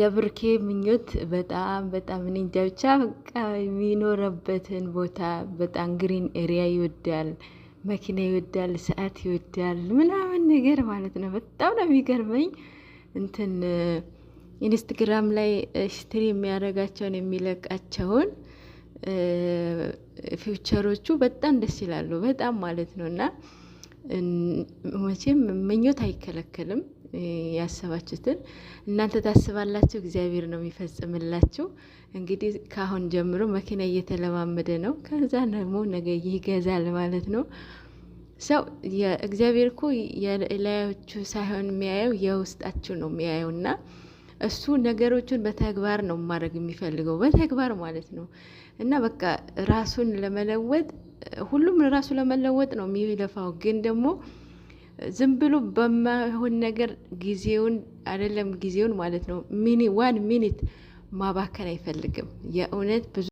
የብርኬ ምኞት በጣም በጣም እኔ እንጃ ብቻ በቃ የሚኖረበትን ቦታ በጣም ግሪን ኤሪያ ይወዳል፣ መኪና ይወዳል፣ ሰዓት ይወዳል ምናምን ነገር ማለት ነው። በጣም ነው የሚገርመኝ እንትን ኢንስትግራም ላይ ስትሪ የሚያደርጋቸውን የሚለቃቸውን ፊውቸሮቹ በጣም ደስ ይላሉ። በጣም ማለት ነው እና መቼም ምኞት አይከለከልም። ያሰባችሁትን እናንተ ታስባላችሁ፣ እግዚአብሔር ነው የሚፈጽምላችሁ። እንግዲህ ከአሁን ጀምሮ መኪና እየተለማመደ ነው። ከዛ ደግሞ ነገ ይገዛል ማለት ነው። ሰው እግዚአብሔር እኮ የላያችሁ ሳይሆን የሚያየው የውስጣችሁ ነው የሚያየው እና እሱ ነገሮቹን በተግባር ነው ማድረግ የሚፈልገው በተግባር ማለት ነው። እና በቃ ራሱን ለመለወጥ ሁሉም ራሱ ለመለወጥ ነው የሚለፋው ግን ደግሞ ዝም ብሎ በማይሆን ነገር ጊዜውን አይደለም ጊዜውን ማለት ነው ዋን ሚኒት ማባከን አይፈልግም የእውነት ብዙ